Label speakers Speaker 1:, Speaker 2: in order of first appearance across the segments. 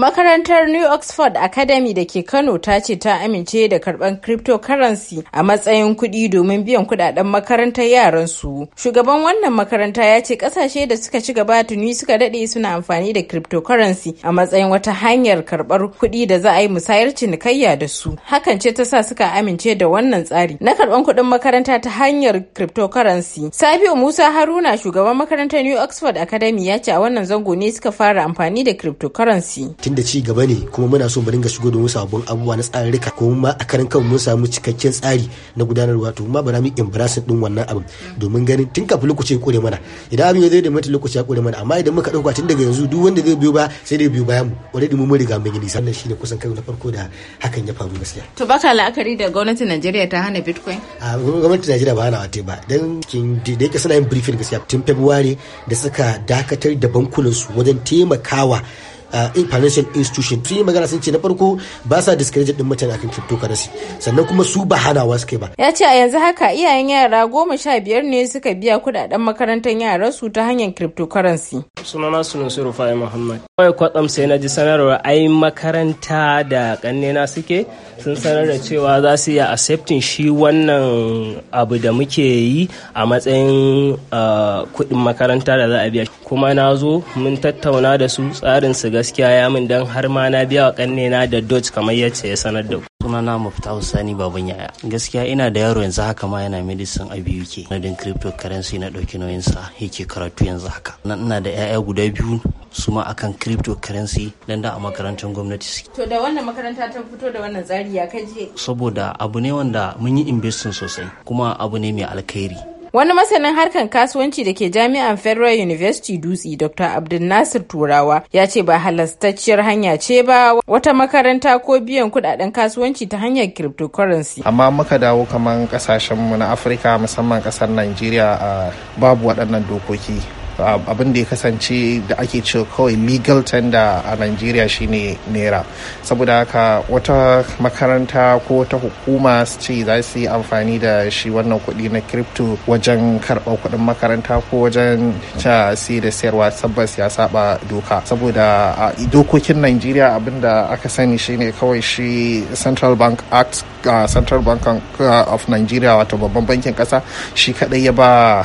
Speaker 1: Makarantar New Oxford Academy da ke Kano ta ce ta amince da karban cryptocurrency a matsayin kuɗi domin biyan kuɗaɗen makarantar yaransu. Shugaban wannan makaranta ya ce ƙasashe da suka ci gaba tuni suka daɗe suna amfani da cryptocurrency a matsayin wata hanyar karɓar kuɗi da za a yi musayar cinikayya da su. Hakan ce ta sa suka amince da wannan tsari na karɓan kuɗin makaranta ta hanyar cryptocurrency. Sabiu Musa Haruna shugaban makarantar New Oxford Academy ya ce a wannan zango ne suka fara amfani da cryptocurrency.
Speaker 2: da ci gaba ne kuma muna so mu dinga shigo da sabbin abubuwa na tsararrika ko ma a karan kan mun samu cikakken tsari na gudanarwa to ma bara mu embrace din wannan abin domin ganin tun kafin lokaci ya kore mana idan abin ya zai da mata lokaci ya kore mana amma idan muka dauka tun daga yanzu duk wanda zai biyo ba sai dai biyo bayan mu already mu mun riga mun yi sannan shine kusan kai na farko da hakan ya faru gaskiya
Speaker 1: to baka la'akari da gwamnatin Najeriya ta hana bitcoin
Speaker 2: a gwamnatin Najeriya ba hana wate ba dan kin da yake suna yin briefing gaskiya tun February da suka dakatar da bankunan su wajen taimakawa financial institution sun yi magana sun ce na farko ba sa discredit din mutane akan cryptocurrency sannan kuma su ba hanawa suke ba
Speaker 1: ya ce a yanzu haka iyayen yara goma sha biyar ne suka biya kudaden makarantar yaran
Speaker 3: su ta hanyar cryptocurrency sunana sunan su rufai muhammad kawai kwatsam sai na ji sanarwa ai makaranta da ƙannena suke sun sanar da cewa za su iya accepting shi wannan abu da muke yi a matsayin kuɗin makaranta da za a biya kuma na zo mun tattauna da su tsarin su gaskiya ya min don har ma na biya wa na da dodge kamar yadda ya sanar da ku sunana mafita sani baban yaya
Speaker 4: gaskiya ina da yaro yanzu haka ma yana medicine a biyu ke din cryptocurrency na ɗauki sa yake karatu yanzu haka nan ina da 'ya'ya guda biyu su ma akan cryptocurrency dan da a makarantar gwamnati
Speaker 1: to da wannan makaranta ta fito da wannan tsari ya kaje
Speaker 4: saboda abu ne wanda mun yi investing sosai kuma abu ne mai alkhairi
Speaker 1: Wani masanin harkar kasuwanci da ke jami'an Federal University Dutse Dr. Abdul Nasir Turawa ya ce ba halastacciyar hanya
Speaker 5: ce ba wata
Speaker 1: makaranta ko biyan kudaden kasuwanci
Speaker 5: ta hanyar cryptocurrency. Amma muka dawo kamar kasashen mu na Afirka musamman kasar Najeriya babu waɗannan dokoki. Uh, abin da ya kasance da ake cewa kawai legal tender a Nigeria shine naira saboda haka wata makaranta ko wata hukuma su ce za su yi amfani da shi wannan kuɗi na crypto wajen karɓar kuɗin makaranta ko wajen ta sai da sayarwa tabbas ya saba doka saboda a dokokin Nigeria abin da aka sani shine kawai shi Central Bank Act uh, Central Bank of Nigeria wato babban bankin ƙasa shi kaɗai ya ba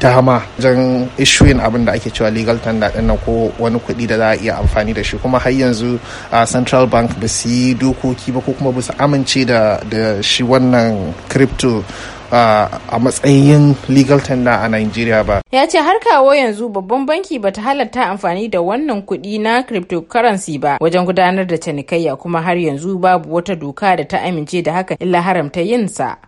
Speaker 5: dama jan ishuyin abin da ake cewa legal tender din nan ko wani kuɗi da za a iya amfani da shi kuma har yanzu a central bank ba su yi dokoki ba ko kuma ba su amince da shi wannan crypto a matsayin legal tender a Nigeria ba.
Speaker 1: Ya ce har kawo yanzu babban banki ba ta halatta amfani da wannan kuɗi na cryptocurrency ba wajen gudanar da cinikayya kuma har yanzu babu wata doka da ta amince da haka illa haramta yinsa.